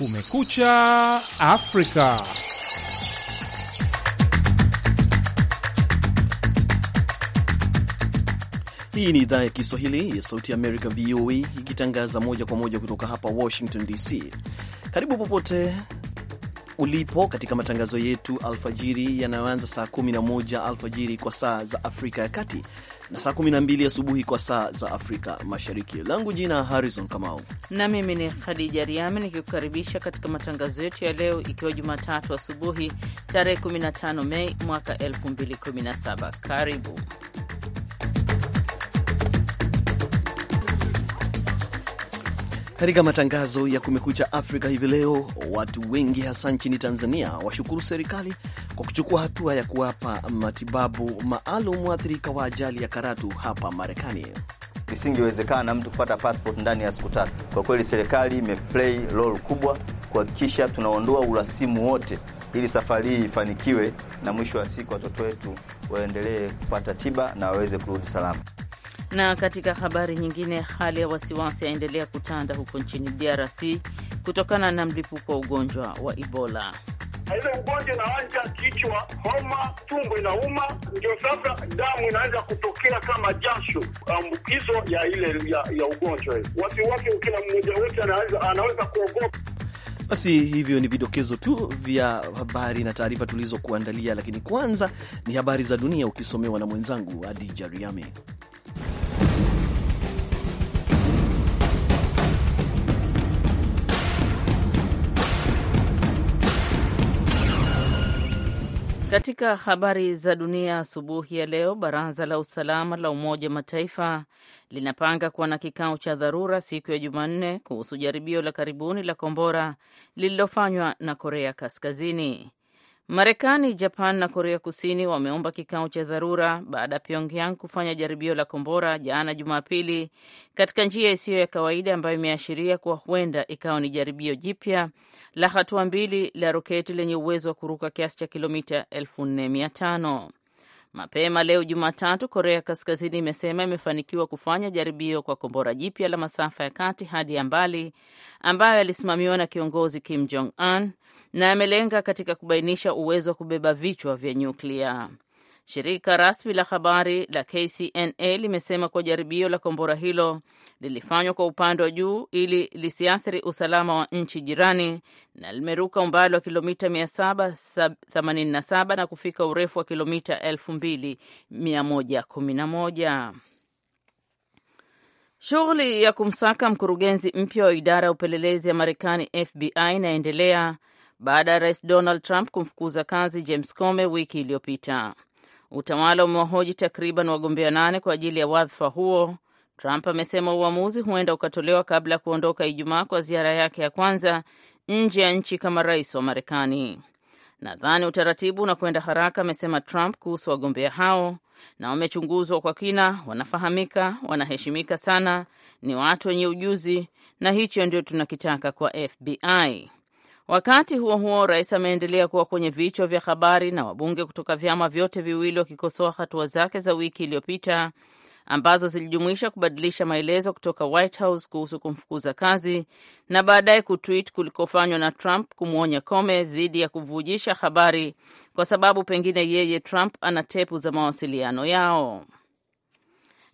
Kumekucha Afrika. Hii ni idhaa ya Kiswahili ya Sauti ya Amerika, VOA, ikitangaza moja kwa moja kutoka hapa Washington DC. Karibu popote ulipo katika matangazo yetu alfajiri yanayoanza saa 11 alfajiri kwa saa za Afrika ya Kati na saa 12 asubuhi kwa saa za Afrika Mashariki. Langu jina Harrison Kamau na mimi ni Khadija Riami nikikukaribisha katika matangazo yetu ya leo, ikiwa Jumatatu asubuhi tarehe 15 Mei mwaka 2017. Karibu Katika matangazo ya Kumekucha Afrika hivi leo, watu wengi hasa nchini Tanzania washukuru serikali kwa kuchukua hatua ya kuwapa matibabu maalum waathirika wa ajali ya Karatu hapa Marekani. Isingewezekana mtu kupata passport ndani ya siku tatu. Kwa kweli, serikali imeplay role kubwa kuhakikisha tunaondoa urasimu wote, ili safari hii ifanikiwe na mwisho wa siku watoto wetu waendelee kupata tiba na waweze kurudi salama. Na katika habari nyingine, hali ya wasiwasi yaendelea kutanda huko nchini DRC kutokana na mlipuko wa ugonjwa wa Ebola. Ile ugonjwa inaanja kichwa, homa, tumbo inauma, ndio sasa damu inaanza kutokea kama jasho, ambukizo ya ile ya, ya ugonjwa. Wasiwasi kila mmoja wote anaweza anaweza kuogopa. Basi hivyo ni vidokezo tu vya habari na taarifa tulizokuandalia, lakini kwanza ni habari za dunia ukisomewa na mwenzangu Adi Riame. Katika habari za dunia asubuhi ya leo, baraza la usalama la Umoja wa Mataifa linapanga kuwa na kikao cha dharura siku ya Jumanne kuhusu jaribio la karibuni la kombora lililofanywa na Korea Kaskazini. Marekani, Japan na Korea Kusini wameomba kikao cha dharura baada ya Pyongyang kufanya jaribio la kombora jana Jumapili katika njia isiyo ya kawaida ambayo imeashiria kuwa huenda ikawa ni jaribio jipya la hatua mbili la roketi lenye uwezo wa kuruka kiasi cha kilomita 4500. Mapema leo Jumatatu, Korea Kaskazini imesema imefanikiwa kufanya jaribio kwa kombora jipya la masafa ya kati hadi ya mbali ambayo yalisimamiwa na kiongozi Kim Jong Un na amelenga katika kubainisha uwezo wa kubeba vichwa vya nyuklia. Shirika rasmi la habari la KCNA limesema kuwa jaribio la kombora hilo lilifanywa kwa upande wa juu ili lisiathiri usalama wa nchi jirani na limeruka umbali wa kilomita 787 na kufika urefu wa kilomita 2111. Shughuli ya kumsaka mkurugenzi mpya wa idara ya upelelezi ya Marekani FBI inaendelea baada ya Rais Donald Trump kumfukuza kazi James Comey wiki iliyopita. Utawala umewahoji takriban wagombea nane kwa ajili ya wadhifa huo. Trump amesema uamuzi huenda ukatolewa kabla ya kuondoka Ijumaa kwa ziara yake ya kwanza nje ya nchi kama rais wa Marekani. Nadhani utaratibu unakwenda haraka, amesema Trump kuhusu wagombea hao, na wamechunguzwa kwa kina, wanafahamika, wanaheshimika sana, ni watu wenye ujuzi, na hicho ndio tunakitaka kwa FBI. Wakati huo huo, rais ameendelea kuwa kwenye vichwa vya habari na wabunge kutoka vyama vyote viwili wakikosoa hatua zake za wiki iliyopita ambazo zilijumuisha kubadilisha maelezo kutoka White House kuhusu kumfukuza kazi na baadaye kutwit kulikofanywa na Trump kumwonya Comey dhidi ya kuvujisha habari kwa sababu pengine yeye Trump ana tepu za mawasiliano yao.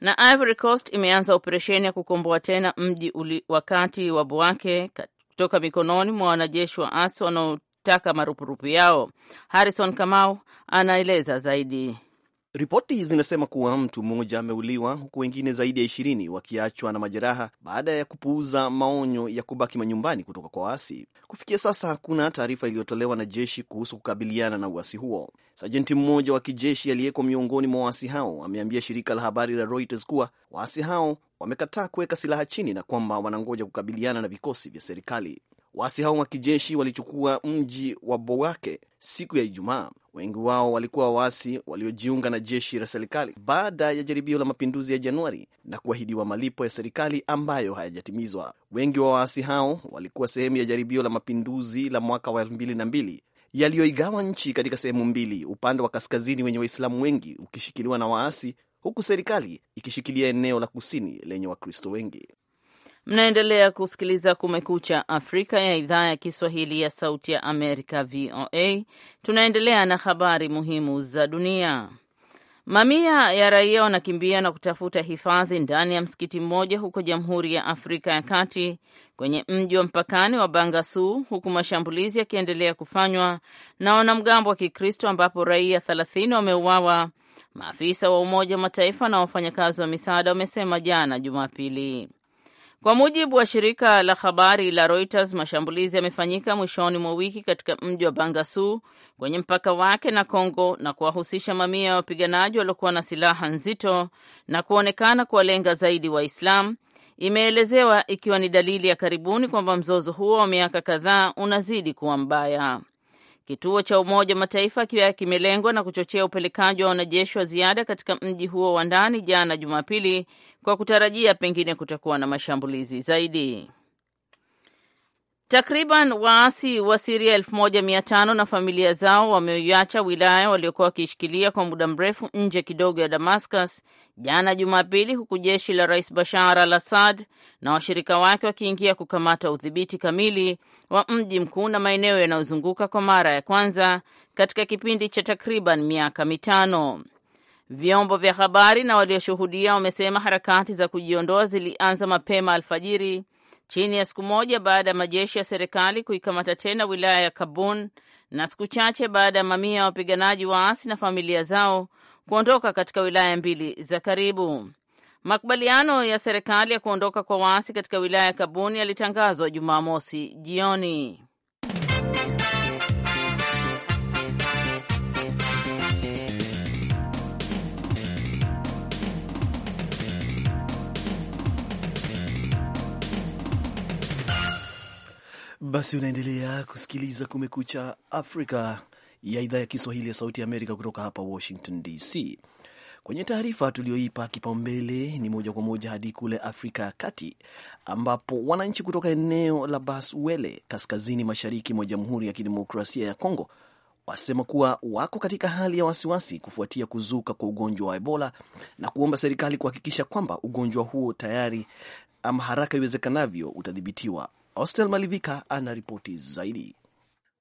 Na Ivory Coast imeanza operesheni ya kukomboa tena mji wakati wa bwake kutoka mikononi mwa wanajeshi waasi wanaotaka marupurupu yao. Harrison Kamau anaeleza zaidi. Ripoti zinasema kuwa mtu mmoja ameuliwa huku wengine zaidi ya ishirini wakiachwa na majeraha baada ya kupuuza maonyo ya kubaki manyumbani kutoka kwa waasi. Kufikia sasa hakuna taarifa iliyotolewa na jeshi kuhusu kukabiliana na uasi huo. Sajenti mmoja wa kijeshi aliyeko miongoni mwa waasi hao ameambia shirika la habari la Reuters kuwa waasi hao wamekataa kuweka silaha chini na kwamba wanangoja kukabiliana na vikosi vya serikali. Waasi hao wa kijeshi walichukua mji wa Bouake siku ya Ijumaa. Wengi wao walikuwa waasi waliojiunga na jeshi la serikali baada ya jaribio la mapinduzi ya Januari na kuahidiwa malipo ya serikali ambayo hayajatimizwa. Wengi wa waasi hao walikuwa sehemu ya jaribio la mapinduzi la mwaka wa elfu mbili na mbili yaliyoigawa nchi katika sehemu mbili, upande wa kaskazini wenye Waislamu wengi ukishikiliwa na waasi huku serikali ikishikilia eneo la kusini lenye Wakristo wengi. Mnaendelea kusikiliza Kumekucha Afrika ya idhaa ya Kiswahili ya Sauti ya Amerika, VOA. Tunaendelea na habari muhimu za dunia. Mamia ya raia wanakimbia na kutafuta hifadhi ndani ya msikiti mmoja huko Jamhuri ya Afrika ya Kati kwenye mji wa mpakani wa Bangassou, huku mashambulizi yakiendelea kufanywa na wanamgambo wa Kikristo ambapo raia 30 wameuawa maafisa wa Umoja wa Mataifa na wafanyakazi wa misaada wamesema jana Jumapili. Kwa mujibu wa shirika la habari la Reuters, mashambulizi yamefanyika mwishoni mwa wiki katika mji wa Bangasu kwenye mpaka wake na congo na kuwahusisha mamia ya wapiganaji waliokuwa na silaha nzito na kuonekana kuwalenga zaidi Waislamu, imeelezewa ikiwa ni dalili ya karibuni kwamba mzozo huo wa miaka kadhaa unazidi kuwa mbaya. Kituo cha Umoja wa Mataifa kiwa kimelengwa na kuchochea upelekaji wa wanajeshi wa ziada katika mji huo wa ndani jana Jumapili, kwa kutarajia pengine kutakuwa na mashambulizi zaidi. Takriban waasi wa Siria elfu moja mia tano na familia zao wameiacha wilaya waliokuwa wakiishikilia kwa muda mrefu nje kidogo ya Damascus jana Jumapili, huku jeshi la Rais Bashar al Assad na washirika wake wakiingia kukamata udhibiti kamili wa mji mkuu na maeneo yanayozunguka kwa mara ya kwanza katika kipindi cha takriban miaka mitano. Vyombo vya habari na walioshuhudia wamesema harakati za kujiondoa zilianza mapema alfajiri chini ya siku moja baada ya majeshi ya serikali kuikamata tena wilaya ya Kabun na siku chache baada ya mamia ya wapiganaji waasi na familia zao kuondoka katika wilaya mbili za karibu. Makubaliano ya serikali ya kuondoka kwa waasi katika wilaya ya Kabun yalitangazwa Jumamosi jioni. Basi unaendelea kusikiliza Kumekucha Afrika ya idhaa ya Kiswahili ya Sauti ya Amerika kutoka hapa Washington DC. Kwenye taarifa tuliyoipa kipaumbele ni moja kwa moja hadi kule Afrika ya Kati, ambapo wananchi kutoka eneo la baswele kaskazini mashariki mwa Jamhuri ya Kidemokrasia ya Kongo wasema kuwa wako katika hali ya wasiwasi kufuatia kuzuka kwa ugonjwa wa Ebola na kuomba serikali kuhakikisha kwamba ugonjwa huo tayari ama haraka iwezekanavyo utadhibitiwa. Austel Malivika ana ripoti zaidi.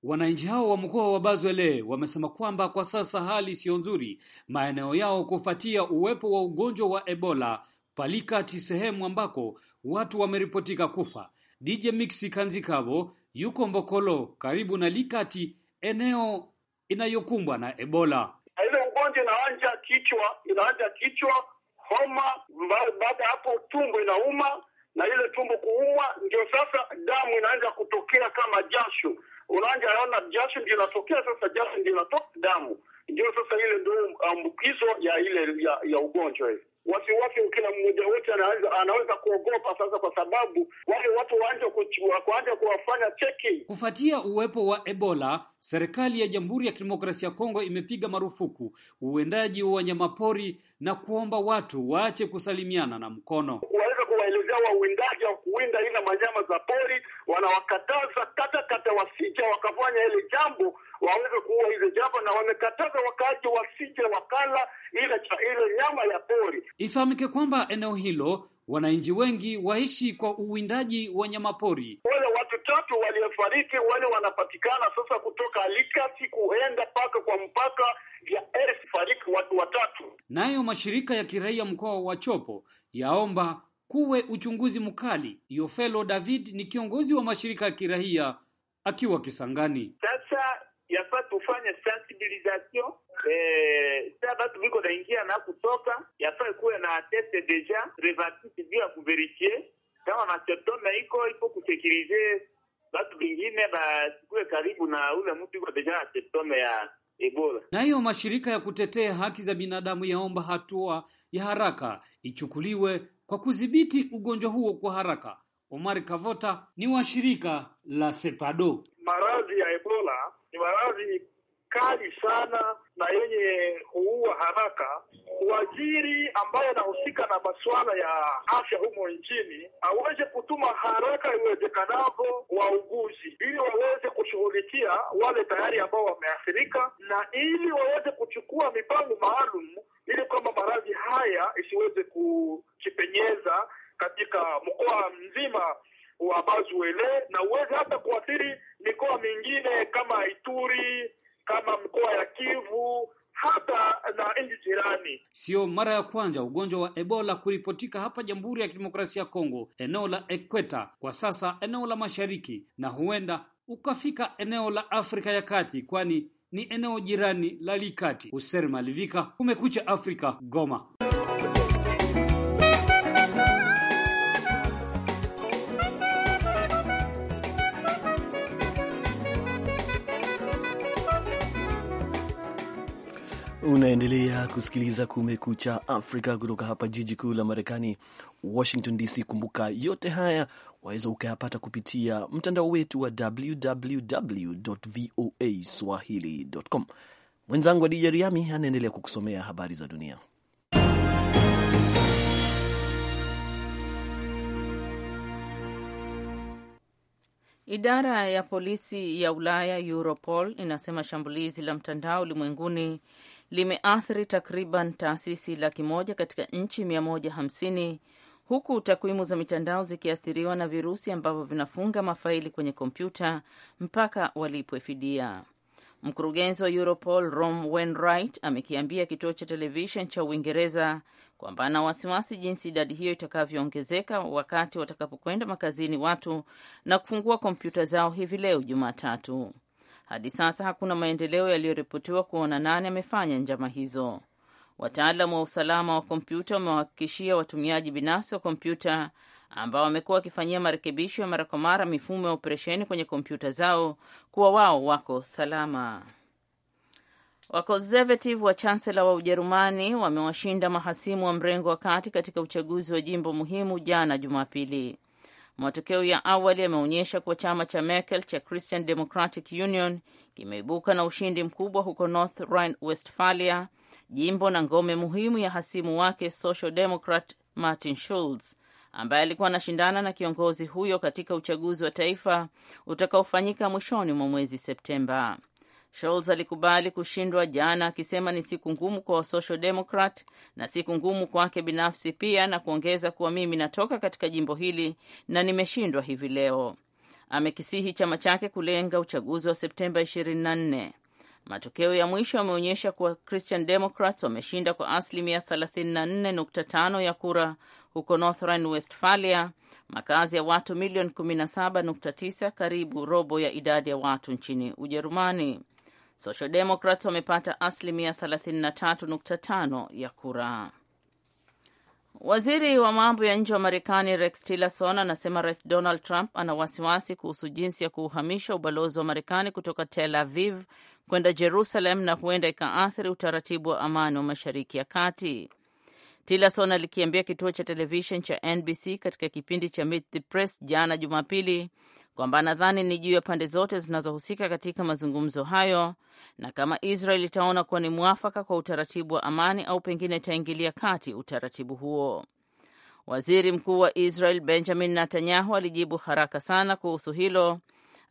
Wananchi hao wa mkoa wa Bazwele wamesema kwamba kwa sasa hali siyo nzuri maeneo yao kufuatia uwepo wa ugonjwa wa Ebola Palikati, sehemu ambako watu wameripotika kufa. DJ Mixi Kanzikabo yuko Mbokolo karibu na Likati, eneo inayokumbwa na Ebola. Ile ugonjwa inaanja kichwa, inaanja kichwa, homa, baada ya hapo tumbo inauma na ile tumbo kuumwa, ndio sasa damu inaanza kutokea kama jasho. Unaanza ona jasho ndio inatokea sasa, jasho ndio inatoka damu, ndio sasa ile ndio ambukizo ya ile ya, ya ugonjwa hii wasiwasi kila mmoja wote anaweza, anaweza kuogopa sasa, kwa sababu wale watu waanze kuwafanya cheki. Kufuatia uwepo wa Ebola, serikali ya Jamhuri ya Kidemokrasia ya Kongo imepiga marufuku uendaji wa wanyamapori na kuomba watu waache kusalimiana na mkono vijana wa wa kuwinda ila manyama za pori, wanawakataza katakata wasija wakafanya ile jambo waweze kuua hizo jambo, na wamekataza wakaaji wasija wakala ile ile nyama ya pori. Ifahamike kwamba eneo hilo wananchi wengi waishi kwa uwindaji wa nyama pori Wale watu tatu waliofariki wale wanapatikana sasa kutoka likasi kuenda mpaka kwa mpaka ya fariki watu watatu. Nayo mashirika ya kiraia mkoa wa Chopo yaomba kuwe uchunguzi mkali. Yofelo David ni kiongozi wa mashirika ya kirahia akiwa Kisangani. Sasa yafaa tufanye sensibilisation eh, sa batu viko naingia na kutoka, yafaa kuwe na teste deja revatisi juu ya kuverifie kama maseptome iko ipo kusekirize batu vingine basikuwe karibu na ule mtu iko deja septome ya Ebola. Nayo mashirika ya kutetea haki za binadamu yaomba hatua ya haraka ichukuliwe kwa kudhibiti ugonjwa huo kwa haraka. Omar Kavota ni wa shirika la Sepado. Maradhi ya Ebola ni maradhi kali sana na yenye kuua haraka. Waziri ambaye anahusika na masuala ya afya humo nchini aweze kutuma haraka iwezekanavyo wauguzi, ili waweze kushughulikia wale tayari ambao wameathirika, na ili waweze kuchukua mipango maalum ili kwamba maradhi haya isiweze kujipenyeza katika mkoa mzima wa Bazuele na uweze hata kuathiri mikoa mingine kama Ituri kama mkoa ya Kivu hata na nchi jirani. Sio mara ya kwanza ugonjwa wa Ebola kuripotika hapa Jamhuri ya Kidemokrasia ya Kongo, eneo la Ekweta, kwa sasa eneo la Mashariki, na huenda ukafika eneo la Afrika ya Kati, kwani ni eneo jirani la Likati. User Malivika, Kumekucha Afrika, Goma. Unaendelea kusikiliza Kumekucha Afrika kutoka hapa jiji kuu la Marekani, Washington DC. Kumbuka yote haya waweza ukayapata kupitia mtandao wetu wa www voa swahili.com. Mwenzangu Adija Riami anaendelea kukusomea habari za dunia. Idara ya polisi ya Ulaya, Europol, inasema shambulizi la mtandao ulimwenguni limeathiri takriban taasisi laki moja katika nchi mia moja hamsini huku takwimu za mitandao zikiathiriwa na virusi ambavyo vinafunga mafaili kwenye kompyuta mpaka walipwe fidia. Mkurugenzi wa Europol Rom Wainwright amekiambia kituo cha televishen cha Uingereza kwamba ana wasiwasi jinsi idadi hiyo itakavyoongezeka wakati watakapokwenda makazini watu na kufungua kompyuta zao hivi leo Jumatatu. Hadi sasa hakuna maendeleo yaliyoripotiwa kuona nani amefanya njama hizo. Wataalam wa usalama wa kompyuta wamewahakikishia watumiaji binafsi wa kompyuta ambao wamekuwa wakifanyia marekebisho ya mara kwa mara mifumo ya operesheni kwenye kompyuta zao kuwa wao wako salama. Wakonservative wa chansela wa Ujerumani wamewashinda mahasimu wa mrengo wa kati katika uchaguzi wa jimbo muhimu jana Jumapili. Matokeo ya awali yameonyesha kuwa chama cha Merkel cha Christian Democratic Union kimeibuka na ushindi mkubwa huko North Rhine-Westphalia, jimbo na ngome muhimu ya hasimu wake Social Democrat Martin Schulz ambaye alikuwa anashindana na kiongozi huyo katika uchaguzi wa taifa utakaofanyika mwishoni mwa mwezi Septemba. Scholz alikubali kushindwa jana, akisema ni siku ngumu kwa Social Democrat na siku ngumu kwake binafsi pia, na kuongeza kuwa mimi natoka katika jimbo hili na nimeshindwa hivi leo. Amekisihi chama chake kulenga uchaguzi wa Septemba 24. Matokeo ya mwisho yameonyesha kuwa Christian Democrats wameshinda kwa asilimia 34.5 ya kura huko North Rhine-Westphalia, makazi ya watu milioni 17.9, karibu robo ya idadi ya watu nchini Ujerumani. Social Democrats wamepata asilimia 33.5 ya kura. Waziri wa mambo ya nje wa Marekani Rex Tillerson anasema Rais Donald Trump ana wasiwasi kuhusu jinsi ya kuuhamisha ubalozi wa Marekani kutoka Tel Aviv kwenda Jerusalem na huenda ikaathiri utaratibu wa amani wa Mashariki ya Kati. Tillerson alikiambia kituo cha televishen cha NBC katika kipindi cha Meet the Press jana Jumapili kwamba anadhani ni juu ya pande zote zinazohusika katika mazungumzo hayo na kama Israel itaona kuwa ni mwafaka kwa utaratibu wa amani au pengine itaingilia kati utaratibu huo. Waziri Mkuu wa Israel Benjamin Netanyahu alijibu haraka sana kuhusu hilo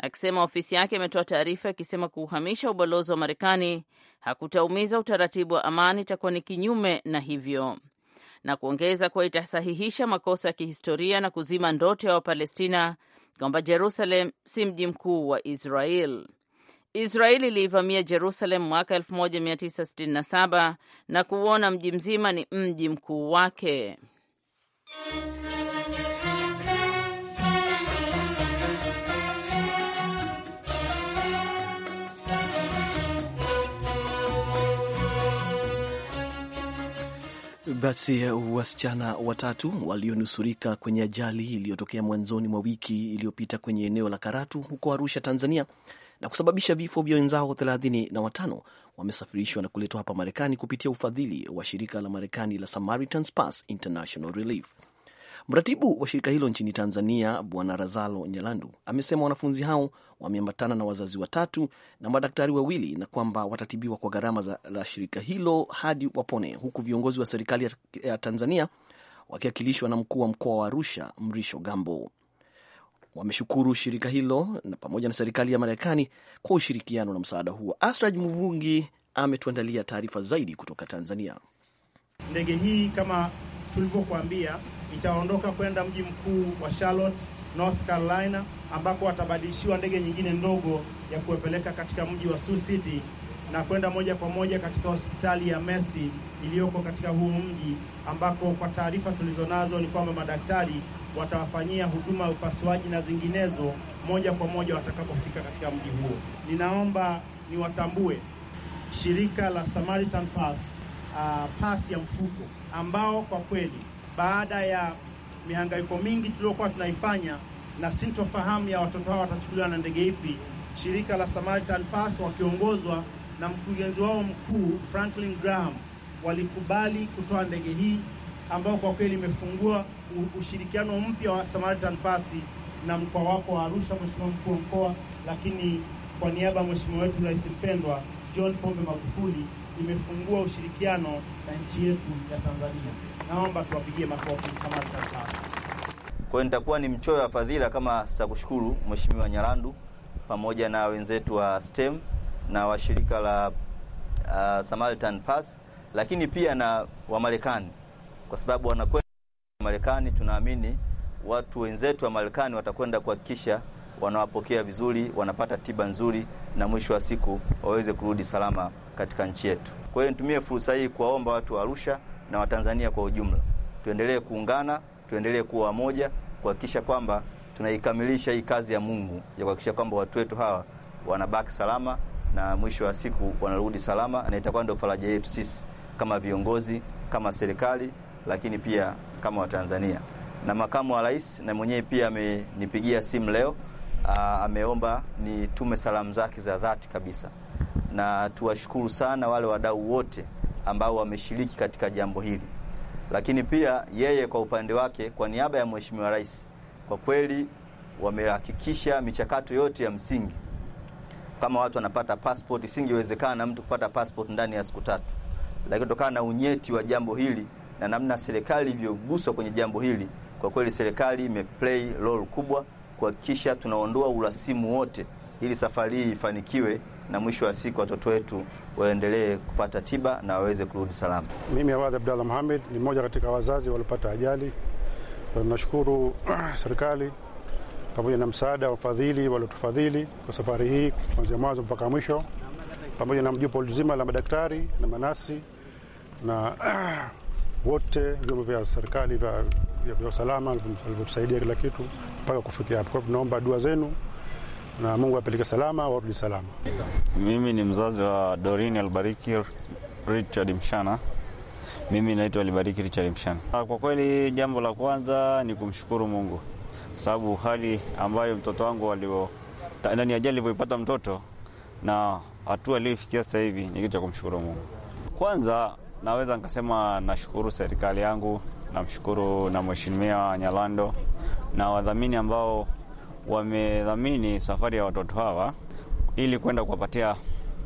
akisema ofisi yake imetoa taarifa ikisema kuuhamisha ubalozi wa Marekani hakutaumiza utaratibu wa amani, itakuwa ni kinyume na hivyo, na kuongeza kuwa itasahihisha makosa ya kihistoria na kuzima ndoto ya Wapalestina kwamba Jerusalem si mji mkuu wa Israel. Israel iliivamia Jerusalem mwaka 1967 na kuuona mji mzima ni mji mkuu wake. basi eh, wasichana watatu walionusurika kwenye ajali iliyotokea mwanzoni mwa wiki iliyopita kwenye eneo la Karatu huko Arusha, Tanzania, na kusababisha vifo vya wenzao thelathini na watano wamesafirishwa na kuletwa hapa Marekani kupitia ufadhili wa shirika la Marekani la Samaritans Pass International Relief. Mratibu wa shirika hilo nchini Tanzania, Bwana Razalo Nyalandu, amesema wanafunzi hao wameambatana na wazazi watatu na madaktari wawili na kwamba watatibiwa kwa gharama la shirika hilo hadi wapone, huku viongozi wa serikali ya Tanzania wakiakilishwa na mkuu wa mkoa wa Arusha, Mrisho Gambo. Wameshukuru shirika hilo na pamoja na serikali ya Marekani kwa ushirikiano na msaada huo. Asraj Mvungi ametuandalia taarifa zaidi kutoka Tanzania. Ndege hii kama tulivyokuambia itaondoka kwenda mji mkuu wa Charlotte, North Carolina, ambako watabadilishiwa ndege nyingine ndogo ya kuwapeleka katika mji wa Sioux City na kwenda moja kwa moja katika hospitali ya Mercy iliyoko katika huu mji ambako kwa taarifa tulizonazo ni kwamba madaktari watawafanyia huduma ya upasuaji na zinginezo moja kwa moja watakapofika katika mji huo. Ninaomba niwatambue shirika la Samaritan Pass, uh, pasi ya mfuko ambao kwa kweli baada ya mihangaiko mingi tuliokuwa tunaifanya na sintofahamu ya watoto hao watachukuliwa na ndege ipi, shirika la Samaritan Pass wakiongozwa na mkurugenzi wao mkuu Franklin Graham walikubali kutoa ndege hii ambayo kwa kweli imefungua ushirikiano mpya wa Samaritan Pass na mkoa wako wa Arusha, Mheshimiwa mkuu wa mkoa, lakini kwa niaba ya mheshimiwa wetu rais mpendwa John Pombe Magufuli imefungua ushirikiano na nchi yetu ya Tanzania. Naomba tuwapigie makofi Samata sasa. Kwa hiyo nitakuwa ni mchoyo wa fadhila kama sitakushukuru Mheshimiwa nyarandu pamoja na wenzetu wa STEM na washirika la uh, Samaritan Pass, lakini pia na Wamarekani kwa sababu wanakwenda Marekani. Tunaamini watu wenzetu wa Marekani watakwenda kuhakikisha wanawapokea vizuri, wanapata tiba nzuri, na mwisho wa siku waweze kurudi salama katika nchi yetu. Kwa hiyo nitumie fursa hii kuwaomba watu wa Arusha na Watanzania kwa ujumla, tuendelee kuungana, tuendelee kuwa wamoja kuhakikisha kwamba tunaikamilisha hii kazi ya Mungu ya kuhakikisha kwamba watu wetu hawa wanabaki salama na mwisho wa siku wanarudi salama, na itakuwa ndio faraja yetu sisi kama viongozi, kama serikali, lakini pia kama Watanzania. Na makamu wa rais na mwenyewe pia amenipigia simu leo, ameomba nitume salamu zake za dhati kabisa na tuwashukuru sana wale wadau wote ambao wameshiriki katika jambo hili. Lakini pia yeye kwa upande wake, kwa niaba ya Mheshimiwa Rais, kwa kweli wamehakikisha michakato yote ya msingi. Kama watu wanapata passport, isingewezekana mtu kupata passport ndani ya siku tatu, lakini kutokana na unyeti wa jambo hili na namna serikali ilivyoguswa kwenye jambo hili, kwa kweli serikali imeplay role kubwa kuhakikisha tunaondoa urasimu wote ili safari hii ifanikiwe na mwisho wa siku watoto wetu waendelee kupata tiba na waweze kurudi salama. Mimi Awadhi Abdallah Muhamed ni mmoja katika wazazi waliopata ajali. Tunashukuru serikali pamoja na msaada wa fadhili waliotufadhili kwa safari hii kuanzia mwanzo mpaka mwisho, pamoja na jopo zima la madaktari na manasi na wote vyombo vya serikali vya usalama vilivyotusaidia kila kitu mpaka kufikia hapo. Kwa hivyo tunaomba dua zenu na Mungu apeleke salama, warudi salama. Mimi ni mzazi wa Dorine Albariki Richard Mshana. Mimi naitwa Albariki Richard Mshana. Ah, kwa kweli, jambo la kwanza ni kumshukuru Mungu sababu hali ambayo mtoto wangu alio ndani ajali alivyoipata mtoto na hatua aliyofikia sasa hivi ni kitu cha kumshukuru Mungu. Kwanza naweza nikasema nashukuru serikali yangu, namshukuru na mheshimiwa Nyalando na wadhamini ambao wamedhamini safari ya watoto hawa ili kwenda kuwapatia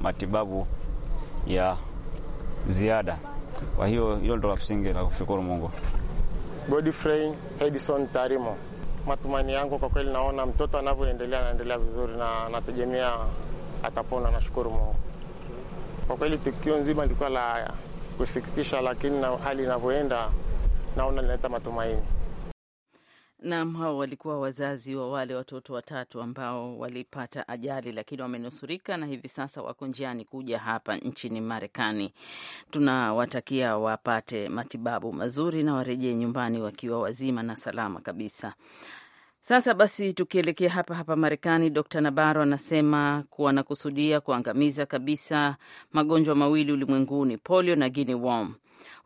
matibabu ya ziada. Kwa hiyo hilo ndo la msingi la kushukuru Mungu. Godfrey Edison Tarimo, matumaini yangu kwa kweli, naona mtoto anavyoendelea anaendelea vizuri na nategemea atapona. Nashukuru Mungu kwa kweli. Tukio nzima lilikuwa la kusikitisha, lakini na hali inavyoenda naona linaleta matumaini. Naam, hao walikuwa wazazi wa wale watoto watatu ambao walipata ajali lakini wamenusurika na hivi sasa wako njiani kuja hapa nchini Marekani. Tunawatakia wapate matibabu mazuri na warejee nyumbani wakiwa wazima na salama kabisa. Sasa basi, tukielekea hapa hapa Marekani, Dr Nabaro anasema kuwa kusudia kuangamiza kabisa magonjwa mawili ulimwenguni, polio na guinea worm.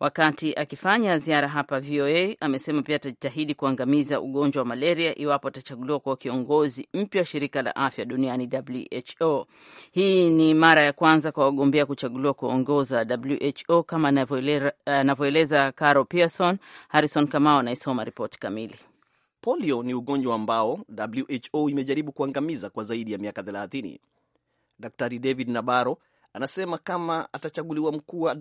Wakati akifanya ziara hapa VOA amesema pia atajitahidi kuangamiza ugonjwa wa malaria iwapo atachaguliwa kuwa kiongozi mpya wa shirika la afya duniani WHO. Hii ni mara ya kwanza kwa wagombea kuchaguliwa kuongoza WHO kama anavyoeleza Caro Pearson. Harrison Kamao anaisoma ripoti kamili. Polio ni ugonjwa ambao WHO imejaribu kuangamiza kwa zaidi ya miaka 30. Daktari David Nabaro Anasema kama atachaguliwa mkuu wa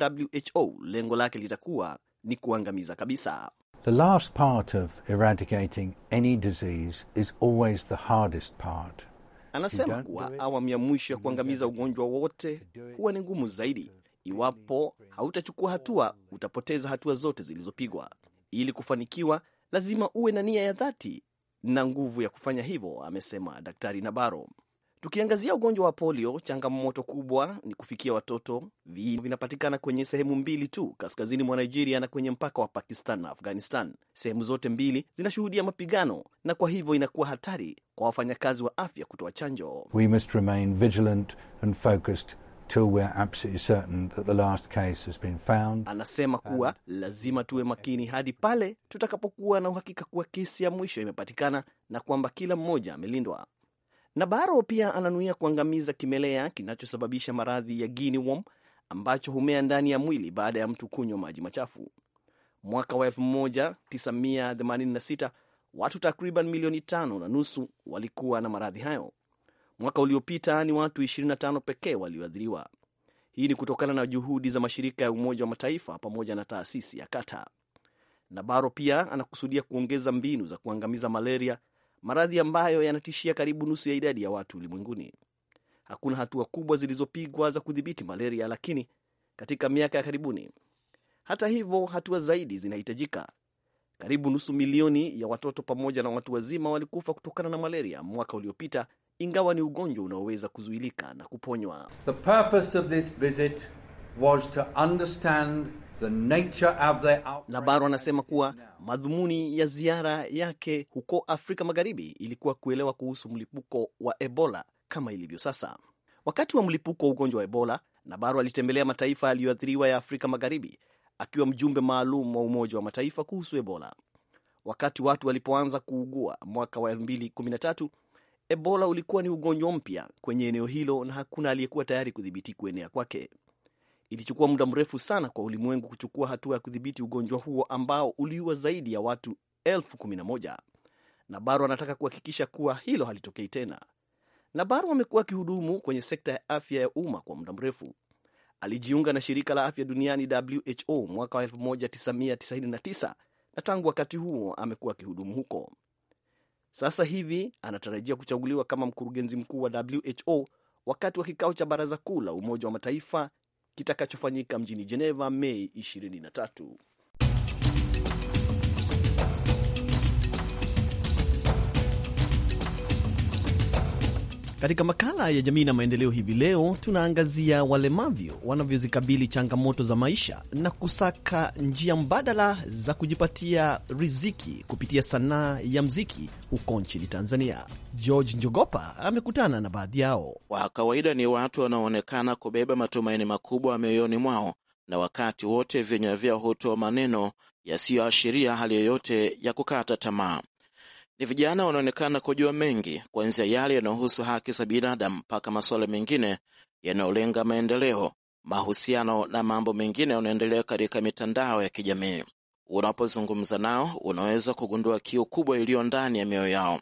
WHO, lengo lake litakuwa ni kuangamiza kabisa. The last part of eradicating any disease is always the hardest part. Anasema kuwa awamu ya mwisho ya kuangamiza ugonjwa wote huwa ni ngumu zaidi. Iwapo hautachukua hatua, utapoteza hatua zote zilizopigwa. Ili kufanikiwa, lazima uwe na nia ya dhati na nguvu ya kufanya hivyo, amesema Daktari Nabaro. Tukiangazia ugonjwa wa polio, changamoto kubwa ni kufikia watoto. Viini vinapatikana kwenye sehemu mbili tu, kaskazini mwa Nigeria na kwenye mpaka wa Pakistan na Afghanistan. Sehemu zote mbili zinashuhudia mapigano, na kwa hivyo inakuwa hatari kwa wafanyakazi wa afya kutoa chanjo. We must remain vigilant and focused. Anasema kuwa lazima tuwe makini hadi pale tutakapokuwa na uhakika kuwa kesi ya mwisho imepatikana na kwamba kila mmoja amelindwa. Nabaro pia ananuia kuangamiza kimelea kinachosababisha maradhi ya Guinea worm ambacho humea ndani ya mwili baada ya mtu kunywa maji machafu. Mwaka wa 1986 watu takriban milioni tano na nusu walikuwa na maradhi hayo. Mwaka uliopita ni watu 25 pekee walioathiriwa. Hii ni kutokana na juhudi za mashirika ya Umoja wa Mataifa pamoja na taasisi ya Kata. Nabaro pia anakusudia kuongeza mbinu za kuangamiza malaria maradhi ambayo yanatishia karibu nusu ya idadi ya watu ulimwenguni. Hakuna hatua kubwa zilizopigwa za kudhibiti malaria lakini katika miaka ya karibuni. Hata hivyo, hatua zaidi zinahitajika. Karibu nusu milioni ya watoto pamoja na watu wazima walikufa kutokana na malaria mwaka uliopita, ingawa ni ugonjwa unaoweza kuzuilika na kuponywa. The purpose of this visit was to understand Labar anasema kuwa madhumuni ya ziara yake huko Afrika Magharibi ilikuwa kuelewa kuhusu mlipuko wa Ebola kama ilivyo sasa. Wakati wa mlipuko wa ugonjwa wa Ebola, Nabaro alitembelea mataifa yaliyoathiriwa ya Afrika Magharibi akiwa mjumbe maalum wa Umoja wa Mataifa kuhusu Ebola. Wakati watu walipoanza kuugua mwaka wa 2013, Ebola ulikuwa ni ugonjwa mpya kwenye eneo hilo na hakuna aliyekuwa tayari kudhibiti kuenea kwake. Ilichukua muda mrefu sana kwa ulimwengu kuchukua hatua ya kudhibiti ugonjwa huo ambao uliua zaidi ya watu elfu kumi na moja. anataka kuhakikisha kuwa hilo halitokei tena. Nabaru amekuwa akihudumu kwenye sekta ya afya ya umma kwa muda mrefu. Alijiunga na shirika la afya duniani WHO mwaka wa 1999 na tangu wakati huo amekuwa akihudumu huko. Sasa hivi anatarajia kuchaguliwa kama mkurugenzi mkuu wa WHO wakati wa kikao cha baraza kuu la Umoja wa Mataifa kitakachofanyika mjini Geneva Mei 23. Katika makala ya jamii na maendeleo hivi leo, tunaangazia walemavyo wanavyozikabili changamoto za maisha na kusaka njia mbadala za kujipatia riziki kupitia sanaa ya mziki huko nchini Tanzania. George Njogopa amekutana na baadhi yao. Kwa kawaida ni watu wanaoonekana kubeba matumaini makubwa mioyoni mwao, na wakati wote vinywa vyao hutoa maneno yasiyoashiria hali yoyote ya kukata tamaa. Ni vijana wanaonekana kujua mengi, kuanzia yale yanayohusu haki za binadamu mpaka masuala mengine yanayolenga maendeleo, mahusiano na mambo mengine yanaendelea katika mitandao ya kijamii. Unapozungumza nao, unaweza kugundua kiu kubwa iliyo ndani ya mioyo yao.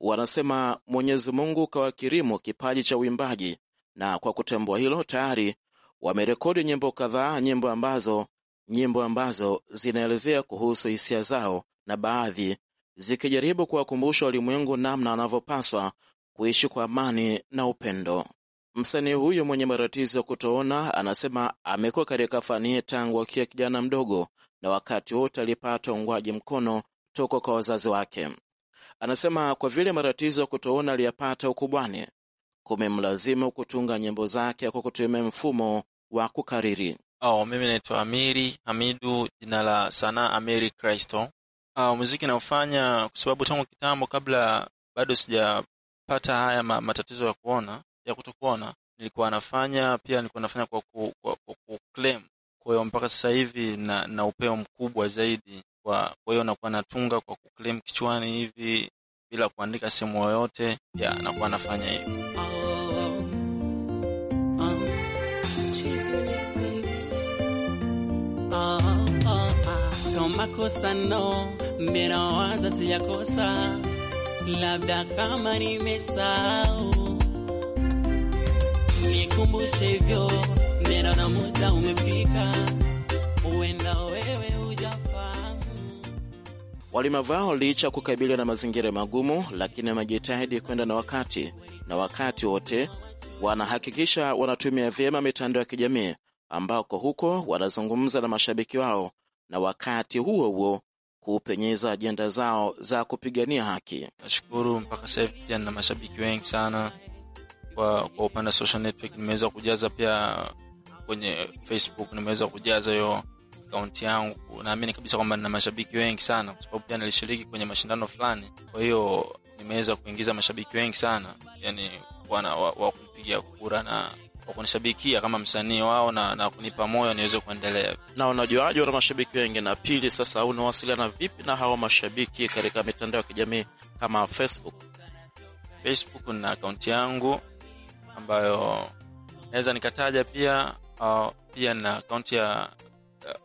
Wanasema Mwenyezi Mungu kawakirimu kipaji cha uimbaji, na kwa kutambua hilo tayari wamerekodi nyimbo kadhaa, nyimbo ambazo nyimbo ambazo zinaelezea kuhusu hisia zao na baadhi zikijaribu kuwakumbusha ulimwengu namna wanavyopaswa kuishi kwa amani na upendo. Msanii huyu mwenye matatizo ya kutoona anasema amekuwa katika fani tangu akiwa kijana mdogo, na wakati wote alipata ungwaji mkono toka kwa wazazi wake. Anasema kwa vile matatizo ya kutoona aliyapata ukubwani, kumemlazimu kutunga nyimbo zake kwa kutumia mfumo wa kukariri. Oh, mimi naitwa Amiri Hamidu, jina la sanaa Amiri Kristo uh, muziki naofanya kwa sababu tangu kitambo, kabla bado sijapata haya ma, matatizo ya kuona ya kutokuona, nilikuwa nafanya pia, nilikuwa nafanya kwa ku, kwa, kwa, ku claim. Kwa hiyo mpaka sasa hivi na, na upeo mkubwa zaidi kwa hiyo nakuwa natunga kwa kuclaim kichwani hivi bila kuandika sehemu yoyote ya nakuwa nafanya hivyo. oh, oh, oh. makosa no, ninawaza sijakosa, labda kama nimesahau, nikumbushe hivyo, ninaona muda umefika, uenda wewe Walima vao licha kukabiliwa na mazingira magumu, lakini wamejitahidi kwenda na wakati na wakati wote wanahakikisha wanatumia vyema mitandao ya kijamii, ambako huko wanazungumza na mashabiki wao na wakati huo huo kupenyeza ajenda zao za kupigania haki. Nashukuru mpaka sasa hivi pia nina mashabiki wengi sana kwa, kwa upande wa social network nimeweza kujaza pia kwenye Facebook nimeweza kujaza hiyo akaunti yangu. Naamini kabisa kwamba nina mashabiki wengi sana kwa sababu pia nilishiriki kwenye mashindano fulani, kwa hiyo nimeweza kuingiza mashabiki wengi sana yani wana wa, wa kupiga kura na kwa kunishabikia kama msanii wao na, na kunipa moyo niweze kuendelea. Na unajuaje wana mashabiki wengi? Na pili sasa, unawasiliana vipi na hawa mashabiki katika mitandao ya kijamii kama Facebook? Facebook na akaunti yangu ambayo naweza nikataja pia uh, pia na akaunti ya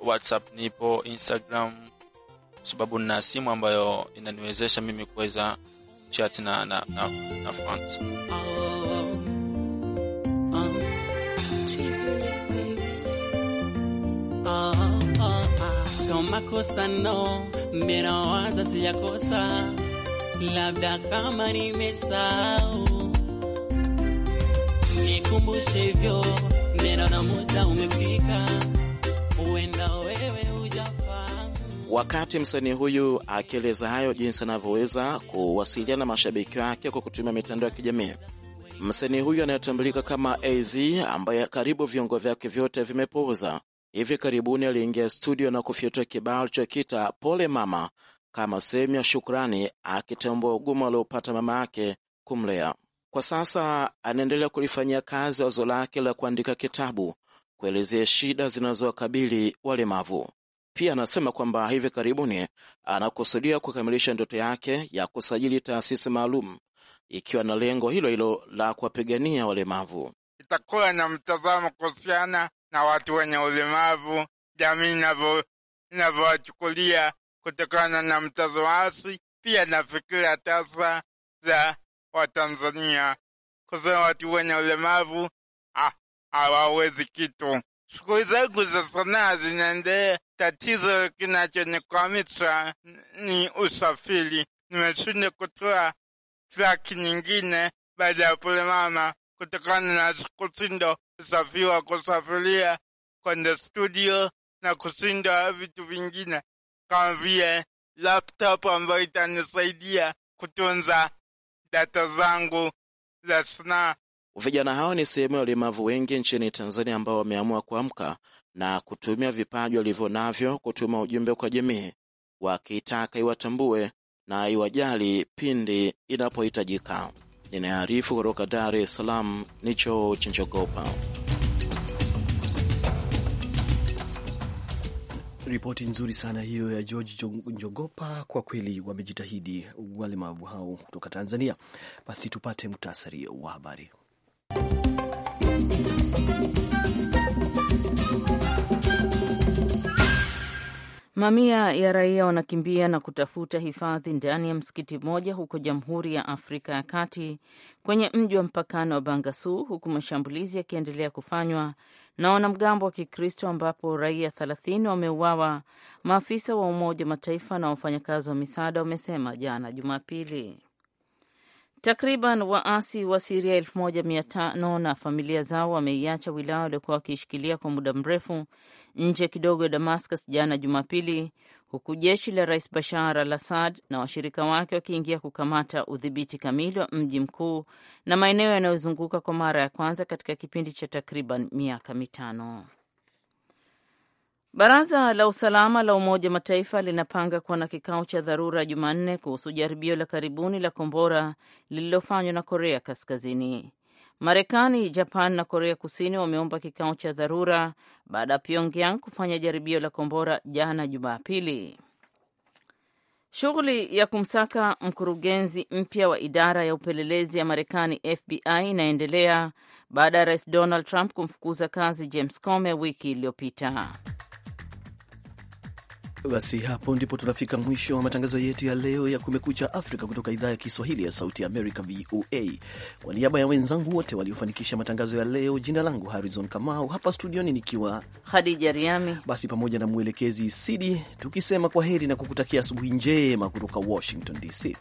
uh, WhatsApp nipo, Instagram kwa sababu na simu ambayo inaniwezesha mimi kuweza chat na na, na, na fans. makosa no, ninawaza sijakosa, labda kama nimesahau, nikumbushe hivyo, ninaona muda umefika, uenda wewe Wakati msanii huyu akieleza hayo jinsi anavyoweza kuwasiliana na mashabiki wake kwa kutumia mitandao ya kijamii, msanii huyu anayetambulika kama AZ ambaye karibu viungo vyake vyote vimepooza Hivi karibuni aliingia studio na kufyatua kibao alichokita pole mama, kama sehemu ya shukrani, akitambua ugumu aliopata mama yake kumlea. Kwa sasa anaendelea kulifanyia kazi wazo lake la kuandika kitabu kuelezea shida zinazowakabili walemavu. Pia anasema kwamba hivi karibuni anakusudia kukamilisha ndoto yake ya kusajili taasisi maalum ikiwa na lengo hilo hilo la kuwapigania walemavu. Itakuwa na mtazamo kuhusiana na watu wenye ulemavu, jamii inavyowachukulia kutokana na mtazo wasi pia na fikira tasa za Watanzania kusema watu wenye ulemavu hawawezi kitu. Shughuli zangu za sanaa zinaendelea. Tatizo kinachonikwamisha ni usafiri. Nimeshindwa kutoa traki nyingine baada ya pole mama kutokana na kushindwa kusafiriwa kusafiria kwenda studio na kushindwa vitu vingine kama vile laptop ambayo itanisaidia kutunza data zangu za sanaa. Vijana hao ni sehemu ya ulemavu wengi nchini Tanzania ambao wameamua kuamka na kutumia vipaji walivyo navyo kutuma ujumbe kwa jamii, wakitaka iwatambue na iwajali pindi inapohitajika. Ninayarifu kutoka Dar es Salaam ni choo njogopa Ripoti nzuri sana hiyo ya George Njogopa. Kwa kweli wamejitahidi walemavu hao kutoka Tanzania. Basi tupate muhtasari wa habari. Mamia ya raia wanakimbia na kutafuta hifadhi ndani ya msikiti mmoja huko Jamhuri ya Afrika ya Kati kwenye mji wa mpakano wa Bangasu, huku mashambulizi yakiendelea kufanywa na wanamgambo wa Kikristo ambapo raia 30 wameuawa, maafisa wa Umoja wa Mataifa na wafanyakazi wa misaada wamesema jana Jumapili. Takriban waasi wa Siria elfu moja mia tano na familia zao wameiacha wilaya waliokuwa wakiishikilia kwa muda mrefu nje kidogo ya Damascus jana Jumapili, huku jeshi la rais Bashar al Assad na washirika wake wakiingia kukamata udhibiti kamili wa mji mkuu na maeneo yanayozunguka kwa mara ya kwanza katika kipindi cha takriban miaka mitano. Baraza la usalama la Umoja Mataifa linapanga kuwa na kikao cha dharura Jumanne kuhusu jaribio la karibuni la kombora lililofanywa na Korea Kaskazini. Marekani, Japan na Korea Kusini wameomba kikao cha dharura baada ya Pyongyang kufanya jaribio la kombora jana Jumapili. Shughuli ya kumsaka mkurugenzi mpya wa idara ya upelelezi ya Marekani, FBI, inaendelea baada ya rais Donald Trump kumfukuza kazi James Comey wiki iliyopita. Basi hapo ndipo tunafika mwisho wa matangazo yetu ya leo ya Kumekucha Afrika kutoka idhaa ya Kiswahili ya Sauti Amerika, VOA. Kwa niaba ya wenzangu wote waliofanikisha matangazo ya leo, jina langu Harrison Kamau, hapa studioni nikiwa Hadija Riami, basi pamoja na mwelekezi Sidi, tukisema kwa heri na kukutakia asubuhi njema kutoka Washington DC.